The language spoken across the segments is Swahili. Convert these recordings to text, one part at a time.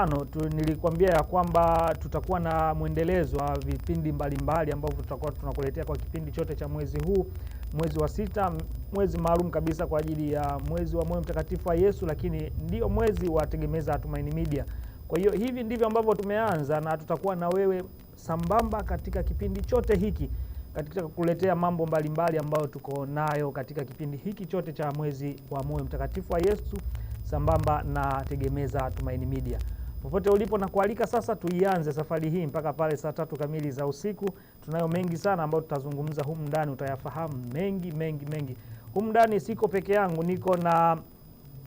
Ano, tu, nilikwambia ya kwamba tutakuwa na mwendelezo wa vipindi mbalimbali ambavyo tutakuwa tunakuletea kwa kipindi chote cha mwezi huu, mwezi wa sita, mwezi maalum kabisa kwa ajili ya mwezi wa moyo mtakatifu wa Yesu, lakini ndio mwezi wa tegemeza Tumaini Media. Kwa hiyo hivi ndivyo ambavyo tumeanza na tutakuwa na wewe sambamba katika kipindi chote hiki katika kuletea mambo mbalimbali ambayo tuko nayo katika kipindi hiki chote cha mwezi wa moyo mtakatifu wa Yesu sambamba na tegemeza Tumaini Media popote ulipo na kualika sasa, tuianze safari hii mpaka pale saa tatu kamili za usiku. Tunayo mengi sana ambayo tutazungumza humu ndani, utayafahamu mengi mengi mengi humu ndani. Siko peke yangu, niko na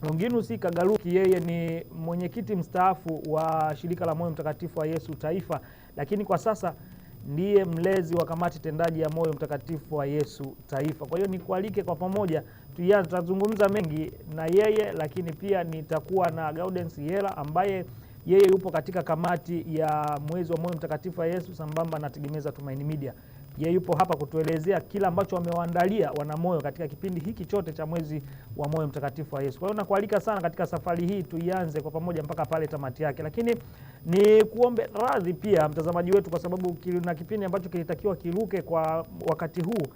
Longinus Kagaruki, yeye ni mwenyekiti mstaafu wa shirika la Moyo Mtakatifu wa Yesu Taifa, lakini kwa sasa ndiye mlezi wa kamati tendaji ya Moyo Mtakatifu wa Yesu Taifa. Kwa hiyo nikualike kwa pamoja, tutazungumza mengi na yeye, lakini pia nitakuwa na Gaudens Yela ambaye yeye yupo katika kamati ya mwezi wa moyo mtakatifu wa Yesu sambamba na Tegemeza Tumaini Media. Yeye yupo hapa kutuelezea kila ambacho wamewaandalia wanamoyo katika kipindi hiki chote cha mwezi wa moyo mtakatifu wa Yesu. Kwa hiyo nakualika sana katika safari hii tuianze kwa pamoja mpaka pale tamati yake, lakini ni kuombe radhi pia mtazamaji wetu, kwa sababu na kipindi ambacho kilitakiwa kiruke kwa wakati huu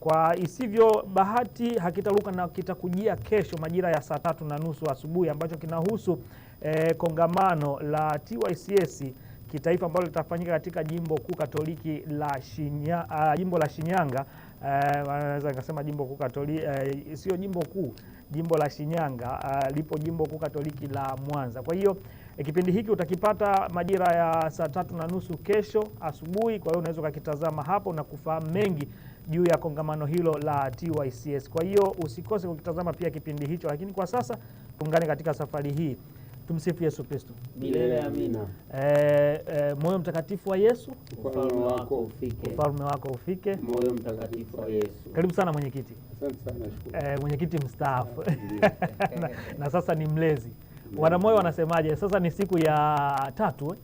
kwa isivyo bahati hakitaruka na kitakujia kesho majira ya saa tatu na nusu asubuhi ambacho kinahusu eh, kongamano la TYCS kitaifa ambalo litafanyika katika jimbo kuu katoliki la Shinya, uh, jimbo la Shinyanga eh, naweza uh, nikasema jimbo kuu katoliki uh, eh, sio jimbo kuu, jimbo la Shinyanga uh, lipo jimbo kuu katoliki la Mwanza. Kwa hiyo eh, kipindi hiki utakipata majira ya saa tatu na nusu kesho asubuhi. Kwa hiyo unaweza ukakitazama hapo na kufahamu mengi juu ya kongamano hilo la TYCS. Kwa hiyo usikose kukitazama pia kipindi hicho, lakini kwa sasa tuungane katika safari hii. Tumsifu Yesu Kristo. Milele amina. Eh, e, moyo mtakatifu wa Yesu, ufalme wako ufike, ufalme wako ufike. Moyo mtakatifu wa Yesu. Karibu sana mwenyekiti. Asante sana, shukuru. Eh, mwenyekiti mstaafu eh, na, na sasa ni mlezi. Wanamoyo wanasemaje? Sasa ni siku ya tatu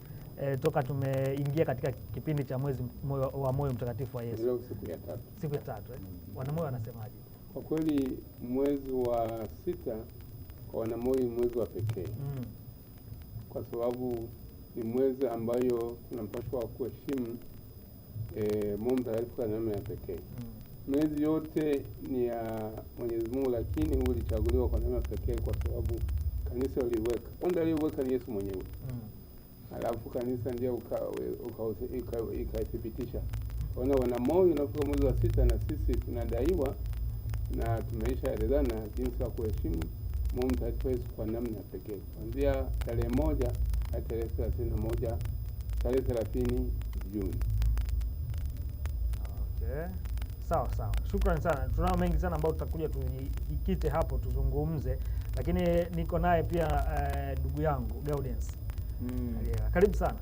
E, toka tumeingia katika kipindi cha mwezi moyo, wa moyo mtakatifu wa Yesu leo siku ya tatu, siku ya tatu eh? Mm. Wanamoyo wanasemaje? Kwa kweli mwezi wa sita kwa Wanamoi mwezi wa pekee mm. kwa sababu ni mwezi ambayo tunapaswa kuheshimu e, Mungu mtakatifu kwa namna ya pekee mm. Miezi yote ni ya Mwenyezi Mungu, lakini huu ulichaguliwa kwa namna pekee kwa sababu kanisa uliweka kwanza, aliweka ni Yesu mwenyewe mm. Alafu kanisa ndio ukaithibitisha. Mm. Ona, Wanamoi unafika mwezi wa sita na sisi tunadaiwa na tumeisha elezana jinsi ya kuheshimu Moon Sacrifice kwa namna ya pekee kuanzia tarehe moja hadi tarehe thelathini na moja tarehe thelathini Juni. Okay. Sawa sawa, shukrani sana. Tunao mengi sana ambayo tutakuja tujikite hapo tuzungumze, lakini niko naye pia eh, ndugu uh, yangu Gaudens. Mm. Yeah. Karibu sana.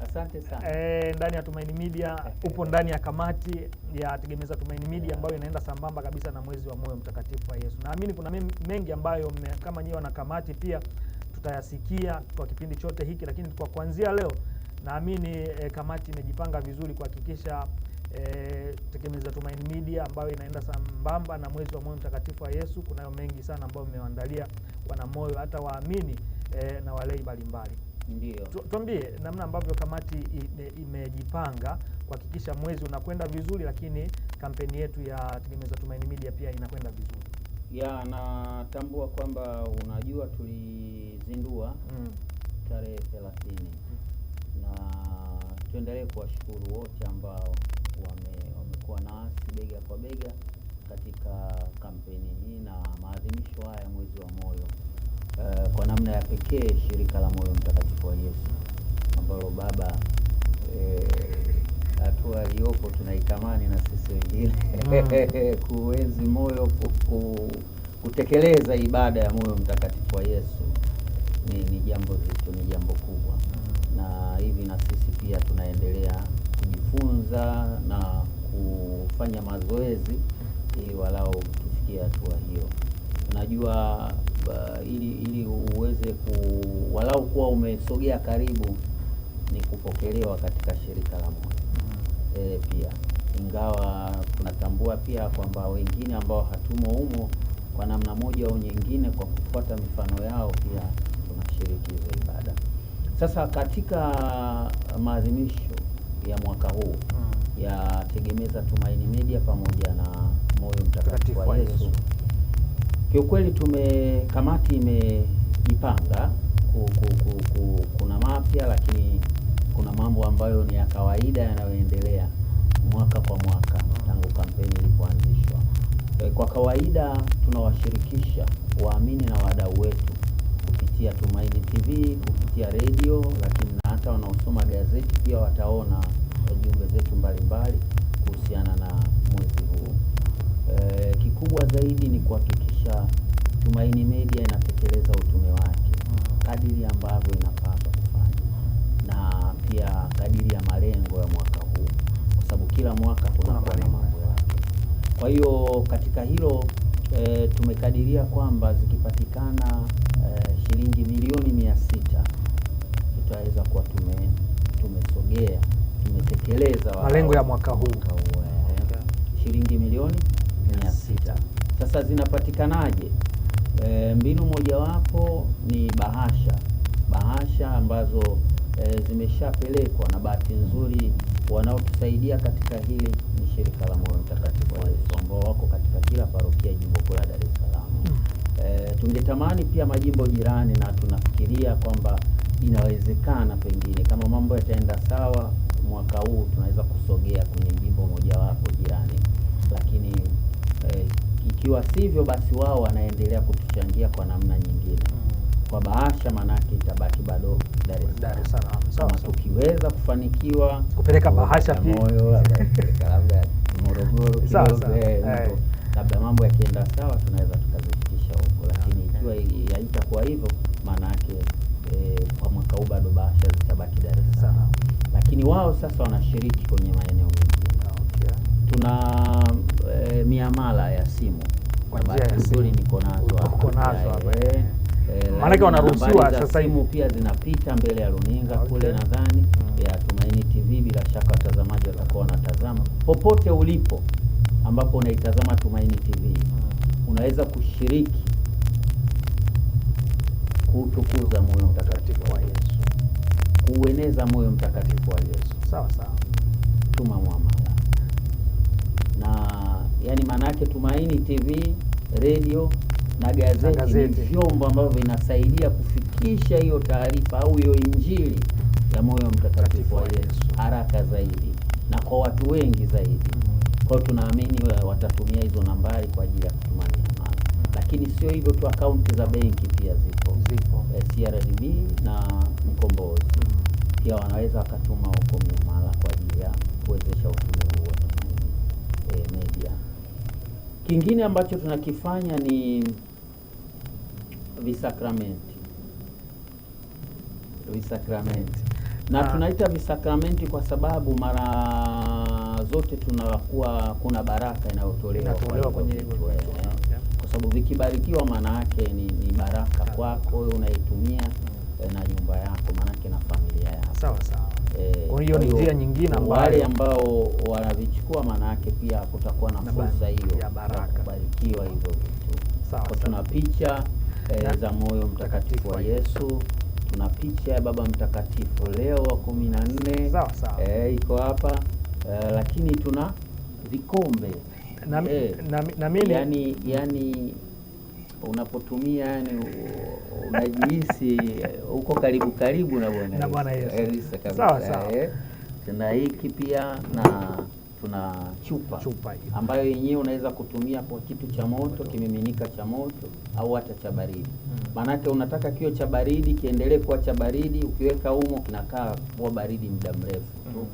Asante sana. E, ndani ya Tumaini Media eh, eh. upo ndani ya kamati ya tegemeza Tumaini Media yeah, ambayo inaenda sambamba kabisa na mwezi wa moyo mtakatifu wa Yesu. Naamini kuna mengi ambayo me, kama nyiwe na kamati pia tutayasikia kwa kipindi chote hiki, lakini kwa kuanzia leo naamini e, kamati imejipanga vizuri kuhakikisha e, tegemeza Tumaini Media ambayo inaenda sambamba na mwezi wa moyo mtakatifu wa Yesu. Kunayo mengi sana ambayo mmewaandalia wana moyo hata waamini e, na walei mbalimbali. Ndiyo. Tuambie namna ambavyo kamati imejipanga ime kuhakikisha mwezi unakwenda vizuri, lakini kampeni yetu ya tegemeza Tumaini Media pia inakwenda vizuri. Ya, natambua kwamba unajua tulizindua mm. tarehe thelathini mm. na tuendelee kuwashukuru wote ambao wamekuwa na nasi bega kwa bega katika kampeni hii na maadhimisho haya mwezi wa moyo. Eh, kwa namna ya pekee shirika la moyo mtakatifu wa Yesu ambalo Baba eh, hatua eh, iliyopo tunaitamani na sisi wengine mm. kuwezi moyo ku, kutekeleza ibada ya moyo mtakatifu wa Yesu ni, ni jambo zito, ni jambo kubwa mm. na hivi na sisi pia tunaendelea kujifunza na kufanya mazoezi ili walau tufikie hatua hiyo. Unajua uh, ili ili uweze ku walau kuwa umesogea karibu ni kupokelewa katika shirika la moyo mm. E, pia ingawa tunatambua pia kwamba wengine ambao hatumo humo kwa namna moja au nyingine, kwa kufuata mifano yao pia tunashiriki hizo ibada. Sasa katika maadhimisho ya mwaka huu mm. ya Tegemeza Tumaini Media pamoja na Moyo Mtakatifu wa Yesu Kiukweli tume kamati imejipanga ku, ku, ku, ku, kuna mapya lakini kuna mambo ambayo ni ya kawaida yanayoendelea mwaka kwa mwaka tangu kampeni ilipoanzishwa. Eh, kwa kawaida tunawashirikisha waamini na wadau wetu kupitia Tumaini TV, kupitia redio, lakini na hata wanaosoma gazeti pia wataona jumbe zetu mbalimbali kuhusiana na mwezi huu. E, kikubwa zaidi ni kuhakikisha kuhakikisha Tumaini Media inatekeleza utume wake kadiri ambavyo inapaswa kufanya, na pia kadiri ya malengo ya mwaka huu, kwa sababu kila mwaka kuna na mambo yake. Kwa hiyo katika hilo e, tumekadiria kwamba zikipatikana e, shilingi milioni mia sita tutaweza kuwa tume tumesogea tumetekeleza malengo ya mwaka huu, mwaka huu e, shilingi milioni mia sita. Sasa zinapatikanaje? E, mbinu mojawapo ni bahasha, bahasha ambazo e, zimeshapelekwa na bahati nzuri wanaotusaidia katika hili ni shirika la moyo mtakatifu wa Yesu ambao wako katika kila parokia jimbo kuu la Dar es Salaam. E, tungetamani pia majimbo jirani, na tunafikiria kwamba inawezekana pengine kama mambo yataenda sawa mwaka huu tunaweza kusogea kwenye jimbo mojawapo jirani, lakini e, ikiwa sivyo, basi wao wanaendelea kutuchangia kwa namna nyingine mm. kwa bahasha, maanake itabaki bado Dar es Salaam. tukiweza kufanikiwa kupeleka bahasha pia moyo labda Morogoro kidogo, eh, eh. labda mambo yakienda sawa, tunaweza tukazifikisha huko, lakini ikiwa haitakuwa hivyo, maana yake eh, kwa mwaka huu bado bahasha zitabaki Dar es Salaam, lakini wao sasa wanashiriki kwenye maeneo mengi tuna e, miamala ya simu nzuri niko nazo hapa eh. Eh, maanake wanaruhusiwa sasa hivi pia zinapita mbele ya runinga okay. Kule nadhani hmm. ya Tumaini TV bila shaka watazamaji watakuwa wanatazama popote ulipo ambapo unaitazama Tumaini TV hmm. unaweza kushiriki kutukuza moyo mtakatifu wa Yesu, kuueneza moyo mtakatifu wa Yesu. Sawa sawa, tuma mwama yani yake Tumaini TV, redio na gazeti, gazeti ni vyombo ambavyo vinasaidia kufikisha hiyo taarifa au hiyo injili ya moyo mtakatifu wa Yesu haraka zaidi na kwa watu wengi zaidi. Mm. Kwa hiyo tunaamini watatumia hizo nambari kwa ajili ya kutumania mali, mm. lakini sio hivyo tu, akaunti za benki pia zipo, zipo eh, CRDB na Mkombozi mm. pia wanaweza wakatuma huko miamala kwa ajili ya kuwezesha uchumi huu wa Tumaini e, media Kingine ambacho tunakifanya ni visakramenti, visakramenti na ha. Ah. tunaita visakramenti kwa sababu mara zote tunakuwa kuna baraka inayotolewa kwa sababu vikibarikiwa, maana yake ni, ni baraka ah. kwako wewe unaitumia eh, na nyumba yako, maanake na familia yako. Sawa sawa. Eh, kwa hiyo ni njia nyingine ambayo wale ambao wanavichukua, maana yake pia kutakuwa na fursa hiyo ya baraka kubarikiwa hivyo vitu. Sawa, tuna picha e, za moyo mtakatifu wa Yesu, tuna picha ya Baba Mtakatifu Leo wa kumi na nne eh, iko hapa e, lakini tuna vikombe na, e, na, na, na mimi yani, yani unapotumia yani unajihisi uh, uko karibu karibu na Bwana na Bwana Yesu sawa sawa. Eh. Tuna hiki pia na tuna chupa, chupa ambayo yenyewe unaweza kutumia kwa kitu cha moto, kimiminika cha moto au hata cha baridi hmm. Maanake unataka kiwe cha baridi kiendelee kuwa cha baridi, ukiweka humo kinakaa kuwa baridi muda mrefu hmm.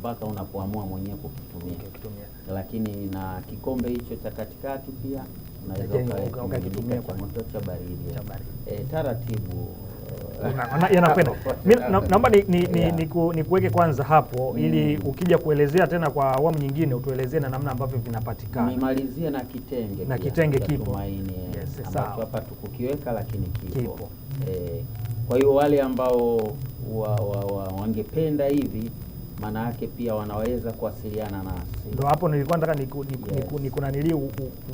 mpaka hmm. unapoamua mwenyewe kukitumia, lakini na kikombe hicho cha katikati pia ukakitumia kwa moto cha baridi eh, taratibu. Eh, Yanapenda. Ah, ah, naomba nikuweke kwanza hapo mm, ili ukija kuelezea tena kwa awamu nyingine utuelezee na namna ambavyo vinapatikana. Nimalizie na kitenge, na kitenge kipo hapa tukukiweka, lakini kipo. kipo. Eh, kwa hiyo wale ambao wa, wa, wa, wangependa hivi maana yake pia wanaweza kuwasiliana nasi. Ndio hapo nilikuwa nataka niku, niku, yes. niku, nikunanilii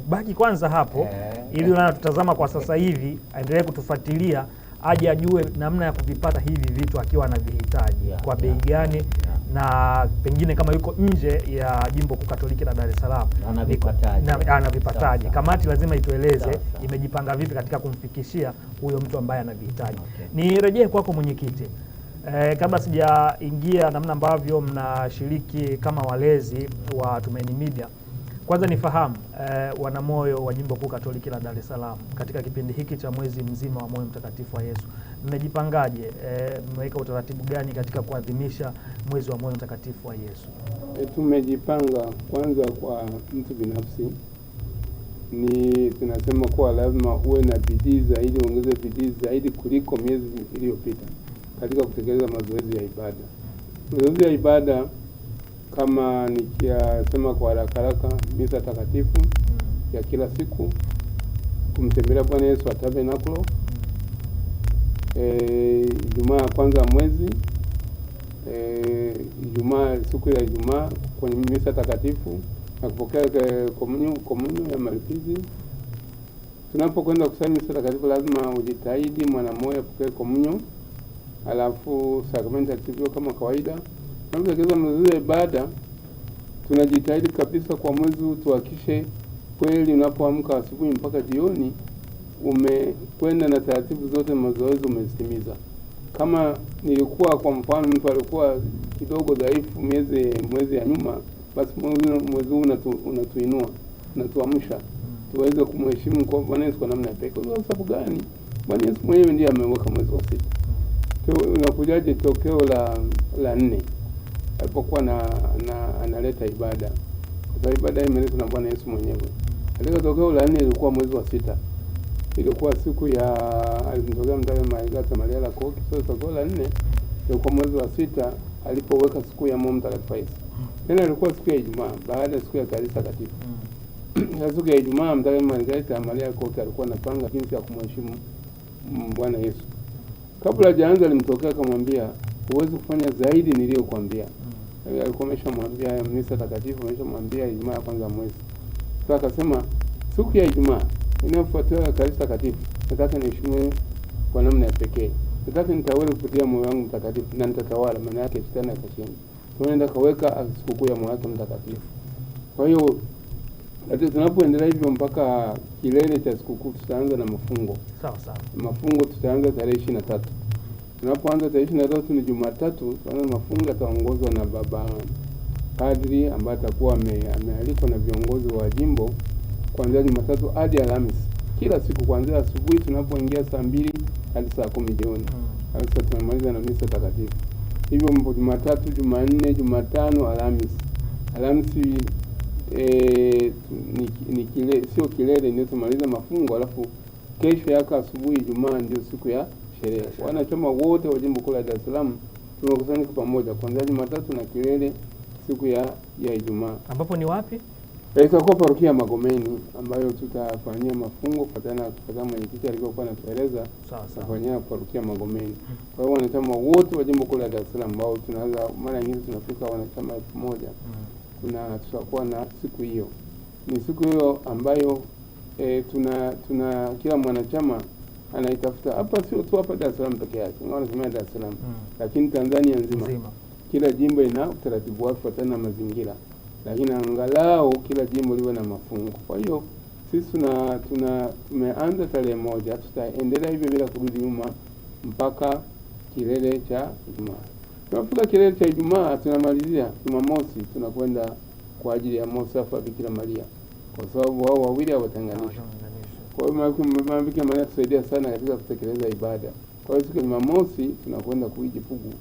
ubaki kwanza hapo yeah. ili tutazama kwa sasa hivi aendelee kutufuatilia aje ajue namna ya kuvipata hivi vitu akiwa anavihitaji yeah, kwa bei yeah, gani yeah. na pengine kama yuko nje ya jimbo kuu Katoliki la Dar es Salaam anavipataje? Kamati lazima itueleze imejipanga vipi katika kumfikishia huyo mtu ambaye anavihitaji. Okay. Nirejee kwako mwenyekiti E, kabla sijaingia namna ambavyo mnashiriki kama walezi wa Tumaini Media, kwanza nifahamu e, eh, moyo wa Jimbo Kuu Katoliki la Dar es Salaam, katika kipindi hiki cha mwezi mzima wa Moyo Mtakatifu wa Yesu mmejipangaje? Eh, mmeweka utaratibu gani katika kuadhimisha mwezi wa Moyo Mtakatifu wa Yesu? E, tumejipanga kwanza, kwa mtu binafsi ni tunasema kuwa lazima uwe na bidii zaidi, uongeze bidii zaidi kuliko miezi iliyopita katika kutekeleza mazoezi ya ibada. Mazoezi ya ibada kama nikiyasema kwa haraka haraka, misa takatifu ya kila siku, kumtembelea Bwana Yesu wa tabernakulo eh, Ijumaa e, ya kwanza mwezi eh, Ijumaa e, siku ya Ijumaa kwenye misa takatifu na kupokea eh, komunyo ya malipizi. Tunapokwenda kusali misa takatifu, lazima ujitahidi mwanamoyo apokee komunyo alafu sakramenti takatifu kama kawaida. Tunapotekeleza mazoezi ya ibada, tunajitahidi kabisa kwa mwezi huu tuhakishe kweli unapoamka asubuhi mpaka jioni umekwenda na taratibu zote mazoezi umezitimiza. Kama nilikuwa kwa mfano mtu alikuwa kidogo dhaifu miezi mwezi ya nyuma, basi mwezi huu unatuinua unatuamsha tuweze kumheshimu kwa Bwana Yesu kwa namna ya pekee. Kwa sababu gani? Bwana Yesu mwenyewe ndiye ameweka mwezi wa sita unakujaje tokeo la la nne alipokuwa na, na analeta ibada kwa sababu ibada hii imeletwa na Bwana Yesu mwenyewe. Katika tokeo la nne ilikuwa mwezi wa sita, ilikuwa siku ya alimtokea Mtawe Maigata Maria la Koki. So tokeo la nne ilikuwa mwezi wa sita alipoweka siku ya Mungu Mtakatifu Yesu. Tena ilikuwa siku ya Ijumaa baada ya siku ya Ekaristi Takatifu. Mm. Siku ya Ijumaa Mtawe Maigata Maria Koki alikuwa anapanga jinsi ya kumheshimu mm, Bwana Yesu kabla hajaanza alimtokea akamwambia, huwezi kufanya zaidi niliyokwambia Mm. Alikuwa ameshamwambia misa takatifu, ameshamwambia Ijumaa ya kwanza mwezi. so, akasema siku ya Ijumaa inayofuatia Ekaristi Takatifu nataka niheshimu kwa namna ya pekee, nataka nitawale kupitia moyo wangu mtakatifu na nitatawala, maana yake shetani akashinda. Tunaenda kaweka sikukuu ya moyo wake mtakatifu, kwa hiyo lakini tunapoendelea hivyo mpaka kilele cha sikukuu tutaanza na mafungo. Sawa sawa. Mafungo tutaanza tarehe ishirini na tatu. Tunapoanza tarehe ishirini na tatu ni Jumatatu, tutaanza mafungo yataongozwa na baba padri ambaye atakuwa amealikwa na viongozi wa jimbo kuanzia Jumatatu hadi Alhamisi, kila siku kuanzia asubuhi tunapoingia saa mbili hadi saa kumi jioni. hmm. Sasa tunamaliza na misa takatifu. Hivyo Jumatatu, Jumanne, Jumatano, Alhamisi. Alhamisi e, ni, ni kile, sio kilele ndio tumaliza mafungo alafu kesho yake asubuhi Ijumaa ndio siku ya sherehe. Wanachama wote wa jimbo kuu la Dar es Salaam tumekusanyika pamoja kuanzia Jumatatu na kilele siku ya ya Ijumaa, ambapo ni wapi itakuwa parokia ya Magomeni ambayo tutafanyia mafungo kufuatana na mwenyekiti alivyokuwa anatueleza, tutafanyia parokia Magomeni. Kwa hiyo wanachama wote wa jimbo kuu la Dar es Salaam ambao tunaanza mara nyingi tunafika wanachama elfu moja mm kuna tutakuwa na siku hiyo. Ni siku hiyo ambayo e, tuna tuna kila mwanachama anaitafuta hapa, sio tu hapa Dar es Salaam peke yake, wanasema Dar es Salaam hmm. lakini Tanzania nzima, Zima. Kila jimbo ina utaratibu wake kufuatana na mazingira, lakini angalau kila jimbo liwe na mafungo. Kwa hiyo sisi tuna tuna tumeanza tarehe moja, tutaendelea hivyo bila kurudi nyuma mpaka kilele cha Ijumaa. Tunafunga kilele cha Ijumaa, tunamalizia Jumamosi, tunakwenda kwa ajili ya Mosafa Bikira Maria, kwa sababu wao wawili hawatanganishwa. Kwa hiyo mama Bikira Maria tusaidia sana katika kutekeleza ibada. Kwa hiyo siku ya Jumamosi tunakwenda kuiji Pugu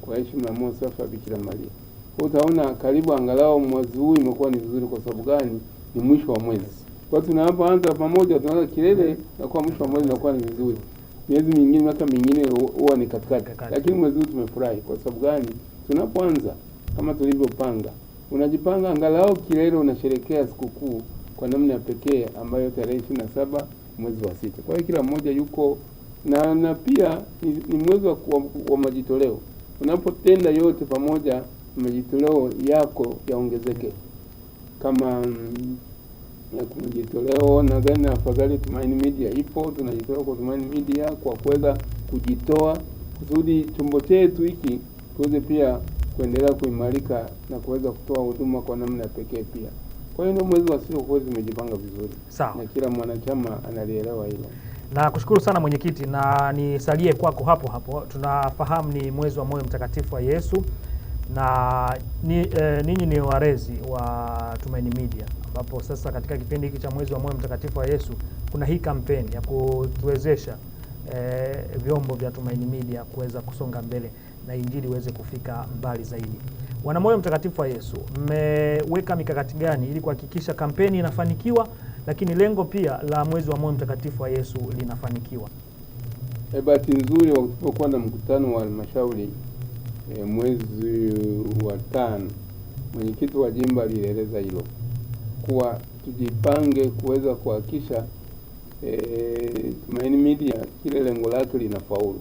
kwa heshima ya Mosafa Bikira Maria. Kwa utaona karibu angalau mwezi huu imekuwa ni vizuri. Kwa sababu gani? Ni mwisho wa mwezi. Kwa hiyo tunapoanza pamoja, tunaanza kilele na kwa mwisho wa mwezi inakuwa ni vizuri miezi mingine miaka mingine huwa ni katikati, lakini mwezi huu tumefurahi. Kwa sababu gani? Tunapoanza kama tulivyopanga, unajipanga angalau kilele, unasherekea sikukuu kwa namna ya pekee ambayo tarehe ishirini na saba mwezi wa sita. Kwa hiyo kila mmoja yuko na na pia ni, ni mwezi wa, wa, wa majitoleo. Unapotenda yote pamoja, majitoleo yako yaongezeke kama mm, na kujitolea. Nadhani afadhali Tumaini Media ipo, tunajitolea kwa Tumaini Media kwa kuweza kujitoa kusudi chombo chetu hiki tuweze pia kuendelea kuimarika na kuweza kutoa huduma kwa namna pekee pia. Kwa hiyo ndio mwezi wa sio kwa zimejipanga vizuri. Sawa. Na kila mwanachama analielewa hilo. Na kushukuru sana mwenyekiti, na nisalie kwako hapo hapo. Tunafahamu ni mwezi wa moyo mtakatifu wa Yesu na ni, eh, ninyi ni warezi wa Tumaini Media ambapo sasa katika kipindi hiki cha mwezi wa moyo mtakatifu wa Yesu kuna hii kampeni ya kutuwezesha eh, vyombo vya Tumaini Media kuweza kusonga mbele na injili iweze kufika mbali zaidi. wana moyo mtakatifu wa Yesu, mmeweka mikakati gani ili kuhakikisha kampeni inafanikiwa, lakini lengo pia la mwezi wa moyo mtakatifu wa Yesu linafanikiwa? E, bahati nzuri tulipokuwa na mkutano wa halmashauri e, mwezi wa tano, mwenyekiti wa jimbo alieleza hilo kuwa tujipange kuweza kuhakikisha e, Tumaini Media kile lengo lake linafaulu.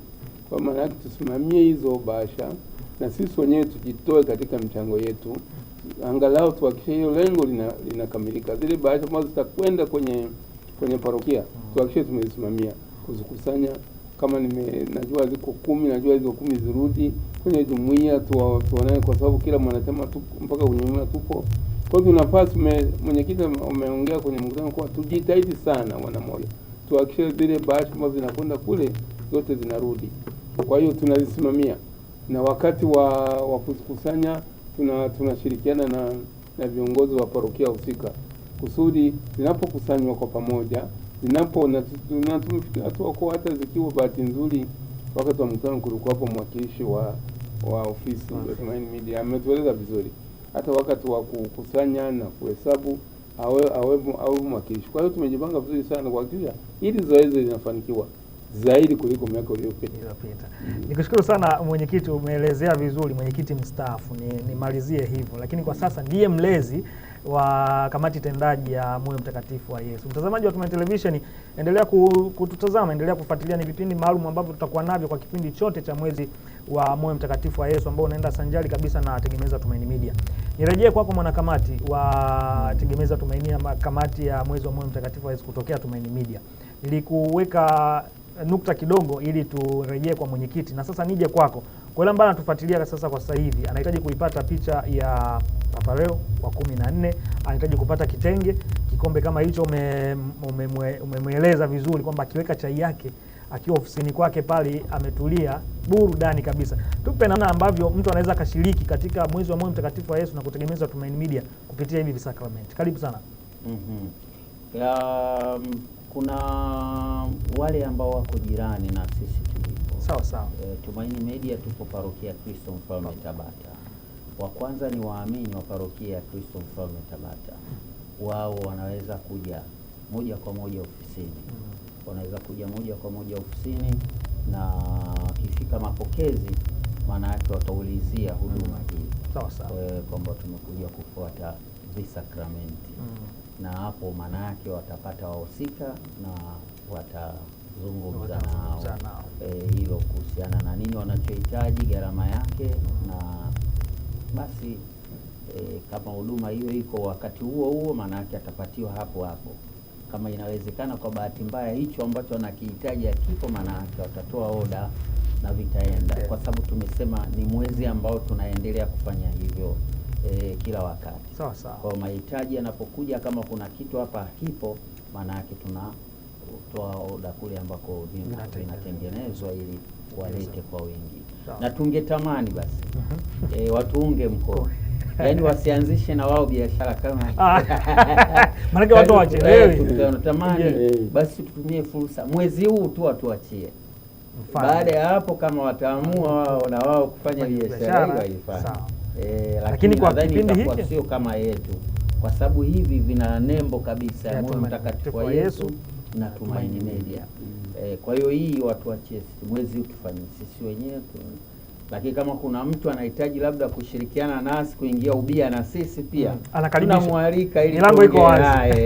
Kwa maana yake tusimamie hizo bahasha na sisi wenyewe tujitoe katika mchango yetu, angalau tuhakikishe hiyo lengo linakamilika. Lina zile bahasha ambazo zitakwenda kwenye kwenye parokia tuhakikishe tumezisimamia kuzikusanya kama nime, najua ziko kumi, najua hizo kumi zirudi kwenye jumuiya tuonane, kwa sababu kila mwanachama tu, mpaka kwenye jumuiya tuko kwa hiyo tunafaa tume, mwenyekiti ameongea kwenye mkutano kwa tujitahidi sana wanamoyo, tuhakikishe zile bahasha ambazo zinakwenda kule zote zinarudi. Kwa hiyo tunazisimamia na wakati wa, wa kuzikusanya tuna tunashirikiana na, na viongozi wa parokia husika kusudi zinapokusanywa kwa pamoja zinapo na hata zikiwa bahati nzuri, wakati wa mkutano hapo mwakilishi wa, wa ofisi ya Tumaini Media ametueleza vizuri hata wakati wa kukusanya na kuhesabu awe mwakilishi. Kwa hiyo tumejipanga vizuri sana kuhakikisha hili zoezi linafanikiwa zaidi kuliko miaka iliyopita. Mm-hmm. Nikushukuru sana mwenyekiti, umeelezea vizuri mwenyekiti mstaafu, nimalizie ni hivyo, lakini kwa sasa ndiye mlezi wa kamati tendaji ya Moyo Mtakatifu wa Yesu. Mtazamaji wa Tumaini Televisheni, endelea kututazama, endelea kufuatilia, ni vipindi maalum ambavyo tutakuwa navyo kwa kipindi chote cha mwezi wa moyo mtakatifu wa Yesu ambao unaenda sanjari kabisa na Tegemeza Tumaini Media. Nirejee kwako mwanakamati wa Tegemeza Tumaini, kamati ya mwezi wa moyo mtakatifu wa Yesu kutokea Tumaini Media. Nilikuweka nukta kidogo ili turejee kwa mwenyekiti, na sasa nije kwako kwa yule ambaye anatufuatilia sasa kwa sasa hivi, anahitaji kuipata picha ya Papa Leo wa kumi na nne, anahitaji kupata kitenge, kikombe kama hicho. Umemweleza ume, ume, ume vizuri kwamba akiweka chai yake akiwa ofisini kwake pale ametulia burudani kabisa. Tupe namna ambavyo mtu anaweza akashiriki katika mwezi wa moyo mtakatifu wa Yesu na kutegemeza Tumaini Media kupitia hivi visakramenti. Karibu sana. mm -hmm. um, kuna wale ambao wako jirani na sisi tulipo. Sawa sawa. E, Tumaini Media tupo parokia Kristo Mfalme Tabata. Wa kwanza ni waamini wa parokia ya Kristo Mfalme Tabata, wao wanaweza kuja moja kwa moja ofisini mm -hmm wanaweza kuja moja kwa moja ofisini, na wakifika mapokezi, maana yake wataulizia huduma mm. hii sawa sawa, kwamba tumekuja kufuata visakramenti mm. na hapo maana yake watapata wahusika na watazungumza nao e, hilo e, kuhusiana na nini wanachohitaji, gharama yake mm. na basi e, kama huduma hiyo iko wakati huo huo, maana yake atapatiwa hapo hapo kama inawezekana. Kwa bahati mbaya hicho ambacho anakihitaji akipo, maana yake watatoa oda na vitaenda yeah. Kwa sababu tumesema ni mwezi ambao tunaendelea kufanya hivyo e, kila wakati sawa sawa. Kwa mahitaji yanapokuja, kama kuna kitu hapa kipo, maana yake tunatoa oda kule ambako vinatengenezwa ili walete kwa wingi, na tungetamani basi mm-hmm. e, watuunge mkono oh, yaani wasianzishe na wao biashara kama maanake watu yaani wachelewe. Tunatamani basi tutumie fursa mwezi huu tu watuachie, baada ya hapo kama wataamua wao na wao kufanya biashara hiyo waifanye. E, eh, lakini nadhani itakuwa sio kama yetu, kwa sababu hivi vina nembo kabisa Moyo Mtakatifu wa Yesu na Tumaini Media. Mm. Eh, kwa hiyo hii watuachie, mwezi huu sisi wenyewe lakini kama kuna mtu anahitaji labda kushirikiana nasi kuingia ubia na sisi pia mm, tunamwalika, ili milango iko wazi,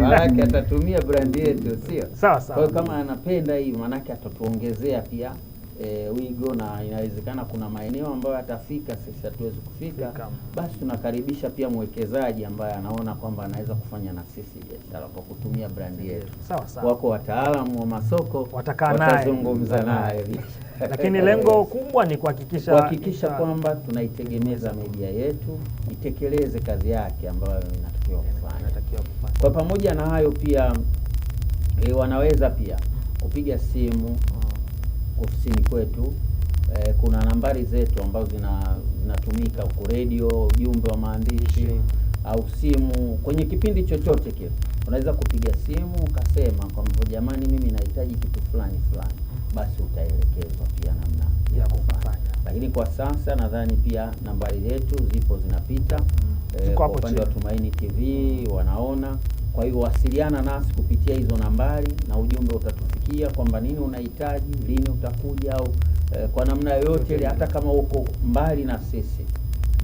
maanake atatumia brandi yetu, sio sawa sawa. Kwa hiyo kama anapenda hii, maanake atatuongezea pia e, wigo na inawezekana kuna maeneo ambayo atafika sisi hatuwezi kufika Basi tunakaribisha pia mwekezaji ambaye anaona kwamba anaweza kufanya na sisi biashara kwa kutumia brandi yetu. Wako wataalamu wa masoko watazungumza naye lakini lengo kubwa ni kuhakikisha kuhakikisha kwamba tunaitegemeza media yetu itekeleze kazi yake ambayo inatakiwa kufanya. Kwa pamoja na hayo pia e, wanaweza pia kupiga simu ofisini kwetu e, kuna nambari zetu ambazo zina zinatumika huko redio, ujumbe wa maandishi au simu, kwenye kipindi chochote kile unaweza kupiga simu ukasema kwamba jamani, mimi nahitaji kitu fulani fulani, basi utaelekezwa pia namna ya kufanya. Lakini kwa sasa nadhani pia nambari zetu zipo zinapita, mm. E, kwa upande wa Tumaini TV mm. wanaona kwa hiyo wasiliana nasi kupitia hizo nambari na ujumbe utatufikia kwamba nini unahitaji, lini utakuja, au e, kwa namna yoyote ile, hata kama uko mbali na sisi,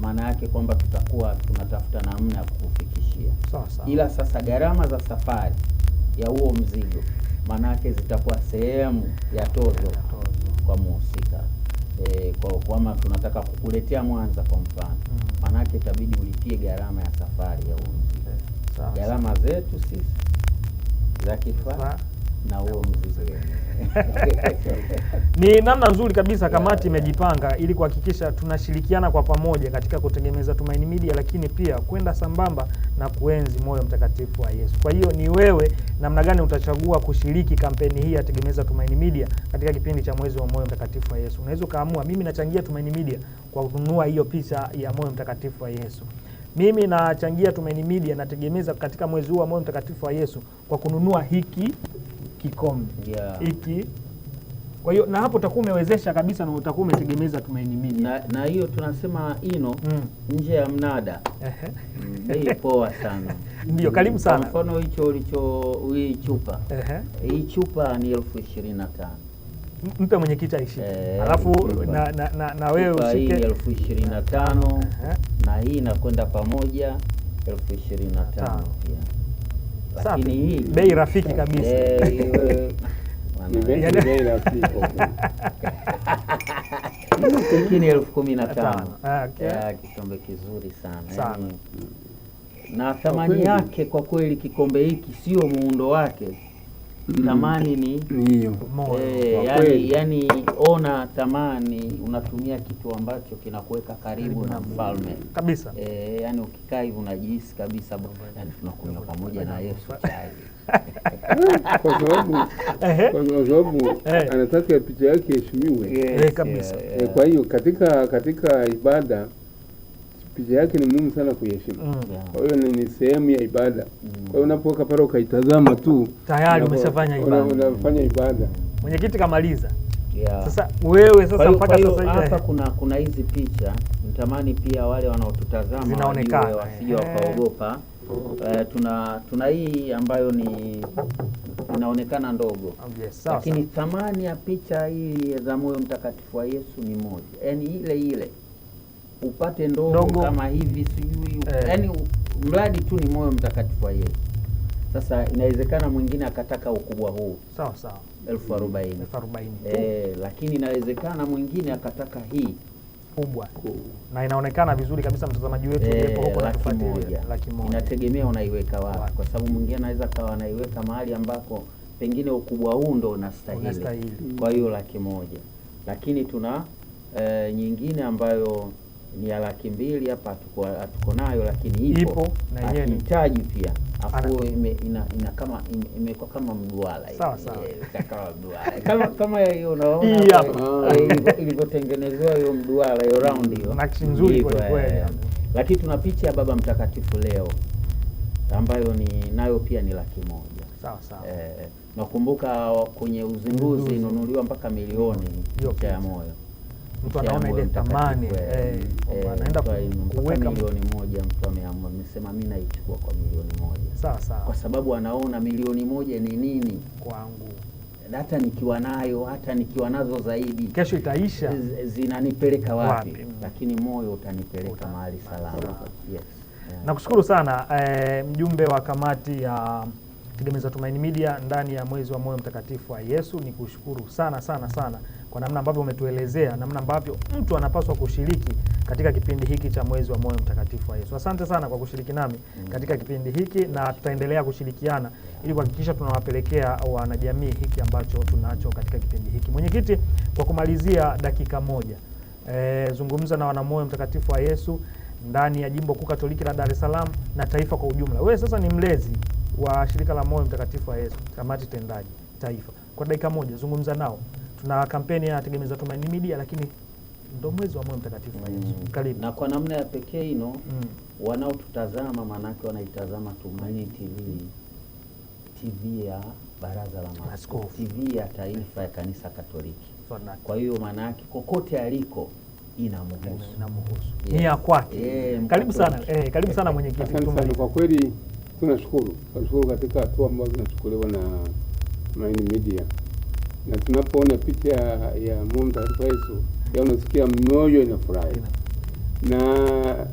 maana yake kwamba tutakuwa tunatafuta namna ya kukufikishia. Ila sasa gharama za safari ya huo mzigo maana yake zitakuwa sehemu ya tozo kwa muhusika e, kwa kwama tunataka kukuletea Mwanza kwa mfano, mm. maana yake itabidi ulipie gharama ya safari ya huo mzigo gharama zetu sisi za kifaa na huo mzigo ni namna nzuri kabisa kamati imejipanga yeah, yeah, ili kuhakikisha tunashirikiana kwa pamoja katika kutegemeza Tumaini Media, lakini pia kwenda sambamba na kuenzi moyo mtakatifu wa Yesu. Kwa hiyo ni wewe, namna gani utachagua kushiriki kampeni hii ya Tegemeza Tumaini Media katika kipindi cha mwezi wa moyo mtakatifu wa Yesu? Unaweza ukaamua, mimi nachangia Tumaini Media kwa kununua hiyo picha ya moyo mtakatifu wa Yesu. Mimi nachangia Tumaini Media, nategemeza katika mwezi huu wa moyo mtakatifu wa Yesu kwa kununua hiki kikombe yeah. hiki kwa hiyo na hapo utakuwa umewezesha kabisa na utakuwa umetegemeza Tumaini Media. Na hiyo tunasema ino mm. nje ya mnada mm, bei poa sana ndio, karibu sana. Kwa mfano hicho ulicho hii chupa hii chupa ni elfu ishirini na tano mpe mwenyekiti aishike ishi eh, alafu na, na, na, na wewe ushike elfu ishirini na tano eh? na hii inakwenda pamoja elfu ishirini na tano lakini bei rafiki kabisa kini eh, elfu kumi na tano ah, kikombe kizuri sana, sana. Yani, na thamani yake kwa kweli kikombe hiki sio muundo wake thamani mm. ni hiyo eh, yani, yani ona thamani, unatumia kitu ambacho kinakuweka karibu na mfalme kabisa eh, yani ukikaa hivi unajihisi kabisa, yani tunakunywa pamoja na Yesu chai kwa sababu kwa sababu anataka picha yake iheshimiwe eh, kabisa. Eh, kwa hiyo katika katika ibada picha yake ni muhimu sana kuiheshimu. Mm. Kwa hiyo ni sehemu ya ibada. Mm. Kwa hiyo unapoweka pale ukaitazama tu tayari umeshafanya ibada, unafanya ibada. Mwenyekiti kamaliza. Yeah. Sasa wewe sasa mpaka sasa hapa kuna kuna hizi picha, nitamani pia wale wanaotutazama zinaonekana wasije eh. wakaogopa. Uh, tuna tuna hii ambayo ni inaonekana ndogo yes, lakini thamani ya picha hii za moyo mtakatifu wa Yesu ni moja, yaani ile ile upate ndogo, ndogo kama hivi sijui eh. Yani mradi tu ni moyo mtakatifu wa Yesu. Sasa inawezekana mwingine akataka ukubwa huu sawa sawa elfu arobaini eh, lakini inawezekana mwingine akataka hii kubwa na inaonekana vizuri kabisa mtazamaji wetu eh, yupo huko na kufuatilia. Laki moja inategemea unaiweka wapi, kwa sababu mwingine anaweza kawa anaiweka mahali ambako pengine ukubwa huu ndo unastahili, kwa hiyo laki moja. Lakini tuna e, nyingine ambayo ni ya laki mbili hapa hatuko nayo, lakini ipo, akihitaji pia afu ina, ina kama imekuwa kama mduara kama kama hiyo unaona eh, ilivyotengenezewa hiyo mduara hiyo round hiyo, eh. lakini tuna picha ya Baba Mtakatifu leo ambayo ni nayo pia ni laki moja. Sawa sawa. Eh, nakumbuka kwenye uzinduzi inunuliwa mpaka milioni picha ya moyo mtu anaona ile thamani eh, eh, eh, anaenda kuweka milioni moja, mtu ameamua amesema mimi naichukua kwa milioni moja. Sawa sawa, kwa sababu anaona milioni moja ni nini kwangu hata nikiwa nayo hata nikiwa nazo zaidi, kesho itaisha, zinanipeleka wapi? Wapi? Lakini moyo utanipeleka mahali salama. Yes. Yeah. Nakushukuru sana e, mjumbe wa kamati ya Tegemeza Tumaini Media ndani ya mwezi wa moyo mtakatifu wa Yesu, ni kushukuru sana sana sana kwa namna ambavyo umetuelezea namna ambavyo mtu anapaswa kushiriki katika kipindi hiki cha mwezi wa moyo mtakatifu wa Yesu. Asante sana kwa kushiriki nami katika kipindi hiki, na tutaendelea kushirikiana ili kuhakikisha tunawapelekea wanajamii hiki ambacho tunacho katika kipindi hiki. Mwenyekiti, kwa kumalizia dakika moja, e, zungumza na wanamoyo mtakatifu wa Yesu ndani ya jimbo kuu Katoliki la Dar es Salaam na taifa kwa ujumla. Wewe sasa ni mlezi wa shirika la moyo mtakatifu wa Yesu, kamati tendaji taifa, kwa dakika moja zungumza nao na kampeni anategemeza Tumaini Media, lakini ndo mwezi wa moyo mtakatifu wa Yesu mm. Karibu na kwa namna ya pekee ino mm. wanaotutazama maanake wanaitazama Tumaini TV, TV ya Baraza la Maaskofu, TV ya taifa ya Kanisa Katoliki. Kwa hiyo maanake kokote aliko inamhusu inamhusu ni ya kwake. Yeah. Karibu sana eh, karibu sana mwenyekiti. Kwa kweli tunashukuru, tunashukuru katika hatua ambazo zinachukuliwa na Tumaini Media na tunapoona picha ya mtakatifu Yesu unasikia mioyo inafurahi na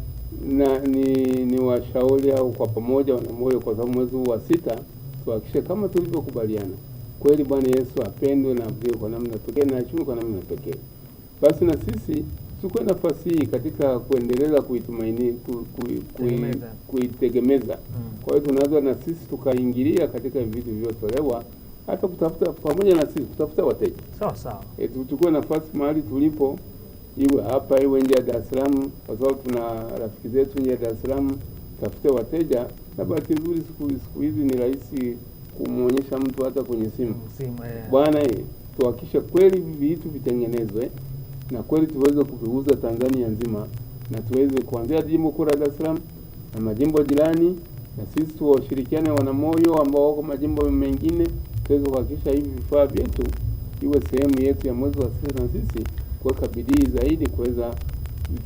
na ni, ni washauri au kwa pamoja wanamoyo, kwa sababu mwezi huu wa sita tuhakikishe kama tulivyokubaliana kweli Bwana Yesu apendwe na vile kwa namna pekee na heshimiwe kwa namna pekee, basi na sisi tuchukue nafasi hii katika kuendeleza kuitumaini ku, ku, kuitegemeza. Mm. Kwa hiyo tunaweza na sisi tukaingilia katika vitu vilivyotolewa hata kutafuta pamoja na sisi kutafuta wateja sawa sawa. E, tuchukue nafasi mahali tulipo, iwe hapa iwe nje ya Dar es Salaam, kwa sababu tuna rafiki zetu nje ya Dar es Salaam, tafute wateja. Na bahati nzuri siku hizi ni rahisi kumwonyesha mtu hata kwenye simu, simu yeah. Bwana eh, tuhakikishe kweli vitu vitengenezwe na kweli tuweze kuviuza Tanzania nzima, na tuweze kuanzia jimbo kuu la Dar es Salaam na majimbo jirani, na sisi tuwashirikiane wanamoyo ambao wako majimbo mengine tuweze kuhakikisha hivi vifaa vyetu iwe sehemu yetu ya mwezi wa sasa, na sisi kuweka bidii zaidi kuweza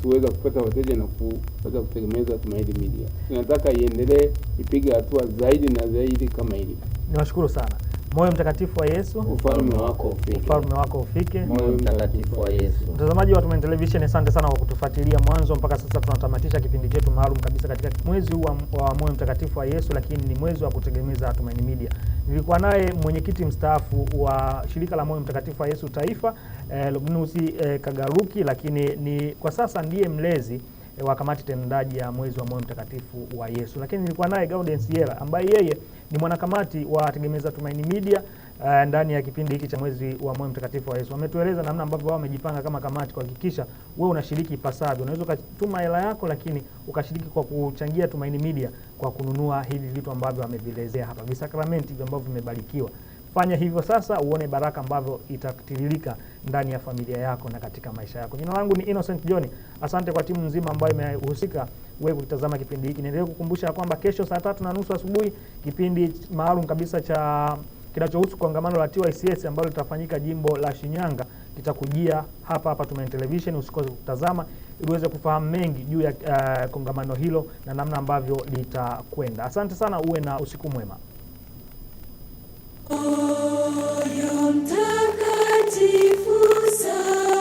tuweza kupata wateja na kuweza kutegemeza Tumaini Media. Tunataka iendelee ipige hatua zaidi na zaidi kama hivi. Niwashukuru sana. Moyo mtakatifu wa Yesu, ufalme wako ufike, ufalme wako ufike. Moyo mtakatifu wa Yesu. Mtazamaji wa Tumaini Television, asante sana kwa kutufuatilia mwanzo mpaka sasa. Tunatamatisha kipindi chetu maalum kabisa katika mwezi huu wa moyo mtakatifu wa Yesu, lakini ni mwezi wa kutegemeza Tumaini Media. Nilikuwa naye mwenyekiti mstaafu wa shirika la moyo mtakatifu wa Yesu taifa eh, Lubnusi eh, Kagaruki, lakini ni kwa sasa ndiye mlezi eh, wa kamati tendaji ya mwezi wa moyo mtakatifu wa Yesu, lakini nilikuwa naye Gaudens Yera ambaye yeye ni mwanakamati wa Tegemeza Tumaini Media uh, ndani ya kipindi hiki cha mwezi wa moyo mtakatifu wa Yesu. Wametueleza namna ambavyo wao wamejipanga kama kamati kuhakikisha wewe unashiriki ipasavyo. Unaweza ukatuma hela yako, lakini ukashiriki kwa kuchangia Tumaini Media kwa kununua hivi vitu ambavyo wamevielezea hapa, visakramenti hivi ambavyo vimebarikiwa. Fanya hivyo sasa, uone baraka ambavyo itatiririka ndani ya familia yako na katika maisha yako. Jina langu ni Innocent John. Asante kwa timu nzima ambayo imehusika wewe kutazama kipindi hiki. Niendelee kukumbusha ya kwamba kesho saa tatu na nusu asubuhi kipindi maalum kabisa cha kinachohusu kongamano la TYCS ambalo litafanyika jimbo la Shinyanga kitakujia hapa hapa Tumaini Television. Usikose kutazama ili uweze kufahamu mengi juu ya uh, kongamano hilo na namna ambavyo litakwenda. Asante sana, uwe na usiku mwema. Jesús.